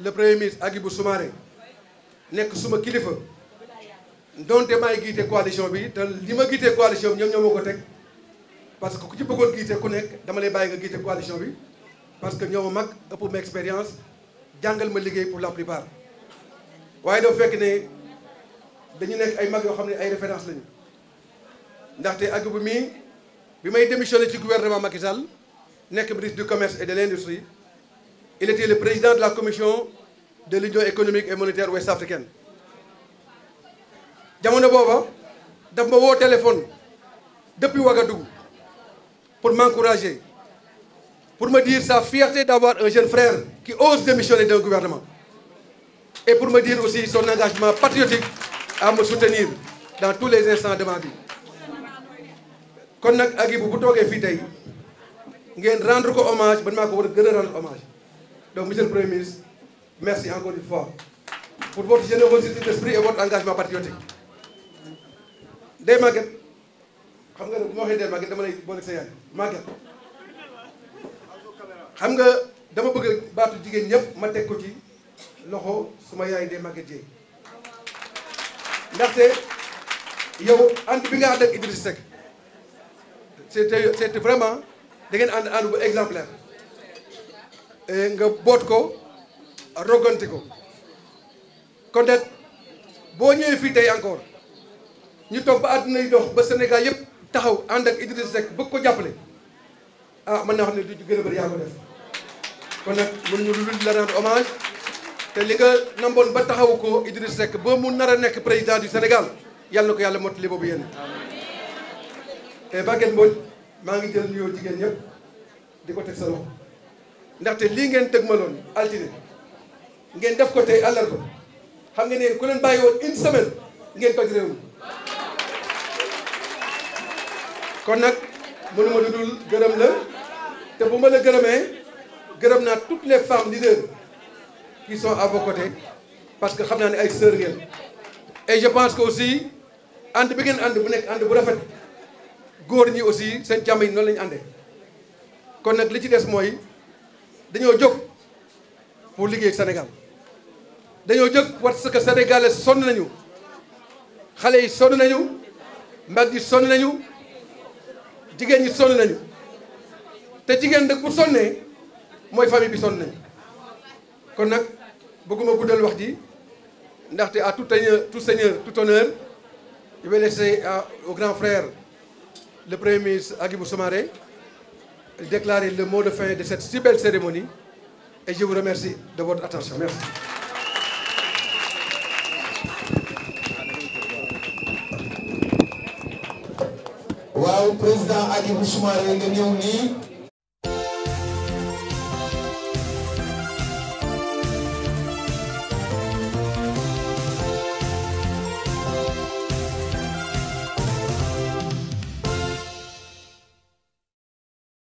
le premier ministre Hadjibou Soumaré nekk suma kilifa donte maay giite coalition bi te li ma giite coalition bi ñoom ñoo ma ko teg parce que ku ci bëggoon giite ku nekk dama lay bàyyi nga giite coalition bi parce que ñoo ma mag ëpp ma expérience jàngal ma liggéey pour la plupart waaye dafa fekk ne dañu nekk ay mag yoo xam ne ay référence lañu ndaxte Hadjibou mii bi may démissionné ci gouvernement Macky Sall nekk ministre du commerce et de l' industrie il président la commission de l'union économique booba daf ma woo téléphone depuis Ouagadougou pour m'encourager pour me dire sa fierté d'avoir un jeune frère qui ose démissionner d'un gouvernement et pour me dire aussi son engagement patriotique à soutenir dans tous les instants de kon nag Agibou bu toogee fii tey ngeen rendre ko hommage man maa ko war gën a rendre hommage Donc, monsieur le Premier ministre, merci encore une fois pour votre générosité d'esprit et votre engagement patriotique. Ndeye Maguette xam nga ne bu ma waxee Ndeye dama lay boole sa yaay Maguette xam nga dama bëgg baatu jigéen ñëpp ma teg ko ci loxo suma yaay de Maguette Dieye ndaxte yow ànd bi nga ànd ak Idriss Seck c'était vraiment da ngeen ànd ànd bu exemplaire. Eh, nga boot ko rogante ko kon nag boo ñëwee fii tey encore ñu toog ba àdduna yi dox ba Sénégal yëpp taxaw ànd ak Idriss Seck bëgg ko jàppale ah mën naa xam ne du gën a bëri yaa ko ñu lu li nga namboon ba taxaw ko Idriss Seck ba mu nar a nekk président du Sénégal yàlla na ko yàlla mottali boobu yéen te eh, Baguette Mbodj maa ngi jël nuyoo jigéen ñëpp di ko teg ndaxte lii ngeen dëgmaloon altine ngeen def ko tey àllarba xam nga ne ku leen bàyyi woon une semaine ngeen toj réew kon nag mënuma lu dul gërëm la te bu ma la gërëmee gërëm naa toutes les femmes leaders qui sont à vos côtés parce que xam naa ne ay sœurs ngeen et je pense que aussi ànd bi ngeen ànd bu nekk ànd bu rafet góor ñi aussi seen jàmm yi noonu la ñu kon nag li ci des mooy. dañoo jóg pour liggéey Sénégal dañoo jóg parce que sénégalais sonn nañu xale yi sonn nañu mag yi sonn nañu jigéen ñi sonn nañu te jigéen nag bu sonnee mooy famille bi sonn nañu kon nag bëgguma guddal wax ji ndaxte à tout honneur tout seigneur tout honneur je vais laisser au grand frère le premier ministre Hadjibou Soumaré déclarer le mot de fin de cette si belle cérémonie et je vous remercie de votre attention. Merci. waaw président Hadjibou Soumaré nga ñëw nii